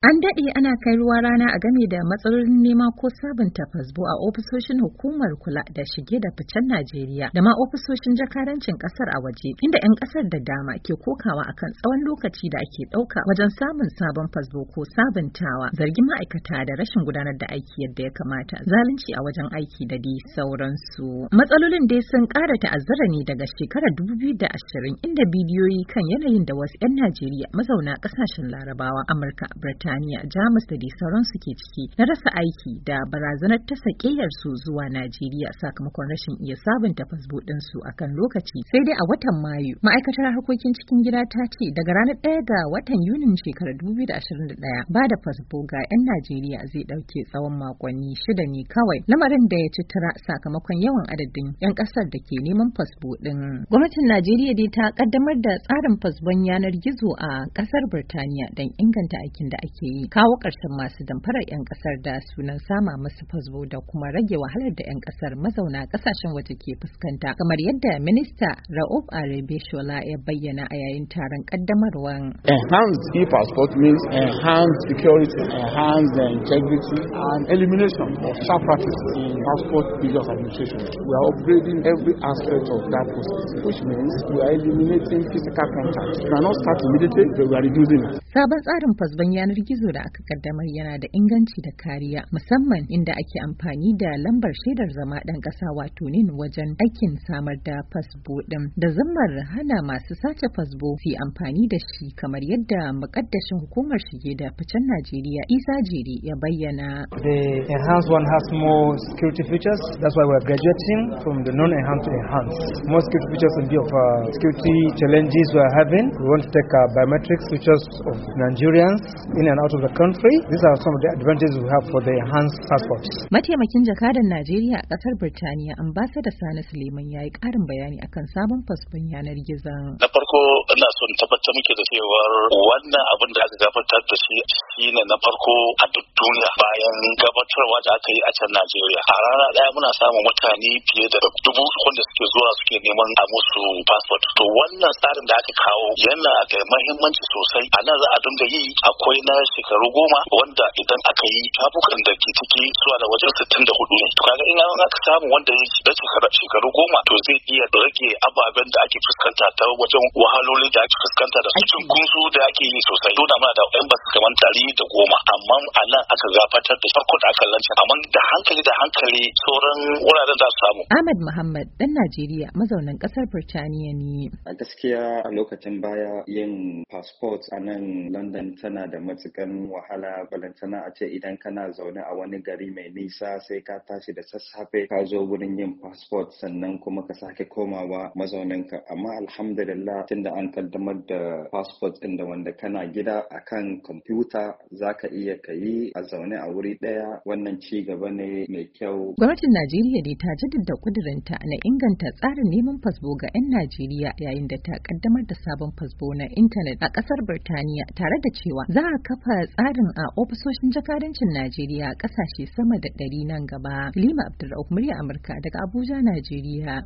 An daɗe ana kai ruwa rana a game da matsalolin nema ko sabunta fasbo a ofisoshin hukumar kula da shige da ficen Najeriya da ma ofisoshin jakarancin ƙasar a waje inda 'yan ƙasar da dama ke kokawa akan tsawon lokaci da ake ɗauka wajen samun sabon fasbo ko sabuntawa zargin ma'aikata da rashin gudanar da aiki yadda ya kamata zalunci a wajen aiki da dai sauransu. Matsalolin dai sun ƙara ta'azzara ne daga shekarar da ashirin, inda bidiyoyi kan yanayin da wasu 'yan Najeriya mazauna ƙasashen Larabawa Amurka Birtaniya Birtaniya, Jamus da dai su ke ciki na rasa aiki da barazanar ta sakeyar su zuwa Najeriya sakamakon rashin iya sabunta fasbo ɗinsu a akan lokaci. Sai dai a watan Mayu, ma'aikatar harkokin cikin gida ta ce daga ranar ɗaya ga watan Yunin shekarar 2021 ba da fasbo ga 'yan Najeriya zai ɗauke tsawon makonni shida ne kawai. Lamarin da ya ci tara sakamakon yawan adadin 'yan ƙasar da ke neman fasbo ɗin. Gwamnatin Najeriya dai ta ƙaddamar da tsarin fasbon yanar gizo a ƙasar Birtaniya don inganta aikin da ake ke yi kawo ƙarshen masu damfarar 'yan ƙasar da sunan sama masu fasbo da kuma rage wahalar da 'yan ƙasar mazauna ƙasashen waje ke fuskanta kamar yadda minista Rauf Arebe Shola ya bayyana a yayin taron ƙaddamarwan. Enhanced e-passport means enhanced security, enhanced integrity and elimination of sharp practices in passport business administration. We are upgrading every aspect of that process, which means we are eliminating physical contact. We are not starting immediately, but we are reducing it. Sabon tsarin fasban yanar gizo da aka kaddamar yana da inganci da kariya musamman inda ake amfani da lambar shaidar zama ɗan ƙasa wato nin wajen aikin samar da fasbo ɗin da zammar hana masu sace fasbo su amfani da shi kamar yadda mukaddashin hukumar shige da ficen Najeriya Isa Jiri ya bayyana. The enhanced one has more security features. That's why we're graduating from the non-enhanced to enhanced. More security features in view of uh, security challenges are having. We want to take uh, biometric features of Nigerians in and out of the country. These are some of the advantages we have for the enhanced Mataimakin jakadan Najeriya a ƙasar Birtaniya, Ambassador Sani Suleiman ya yi ƙarin bayani akan sabon fasfon yanar gizon. Na farko ina son tabbatar muke da cewar wannan abin da aka gabatar da shi shine na farko a duk duniya bayan gabatarwa da aka yi a can Najeriya. A rana ɗaya muna samun mutane fiye da dubu wanda suke zuwa suke neman a musu passport. To wannan tsarin da aka kawo yana da mahimmanci sosai. A nan za a dinga yi akwai na shekaru goma wanda idan aka yi tabukan da ke ciki zuwa da wajen sittin da hudu ne to kaga in an aka samu wanda ya shekara shekaru goma to zai iya rage ababen da ake fuskanta ta wajen wahaloli da ake fuskanta da cikin kunsu da ake yi sosai dole mana da yan basu kaman tari da goma amma a nan aka gafatar da farko da aka lance amma da hankali da hankali sauran wuraren za su samu. Ahmad Muhammad dan Najeriya mazaunin kasar Birtaniya ne. A gaskiya a lokacin baya yin passport a nan London tana da matuƙar matukan wahala balantana a ce idan kana zaune a wani gari mai nisa sai ka tashi da sassafe ka zo wurin yin passport sannan kuma ka sake komawa mazauninka amma alhamdulillah tunda an kaddamar da passport ɗin da wanda kana gida a akan kwamfuta ka iya ka yi a zaune a wuri ɗaya wannan ci gaba ne mai kyau gwamnatin Najeriya ne ta jaddada kudirinta na inganta tsarin neman fasfo ga 'yan Najeriya yayin da ta kaddamar da sabon fasfo na intanet a ƙasar Birtaniya tare da cewa za a kafa kafa tsarin a ofisoshin jakadancin Najeriya kasashe ƙasashe sama da ɗari nan gaba. Lima Abdulrahman murya Amurka daga Abuja, Najeriya.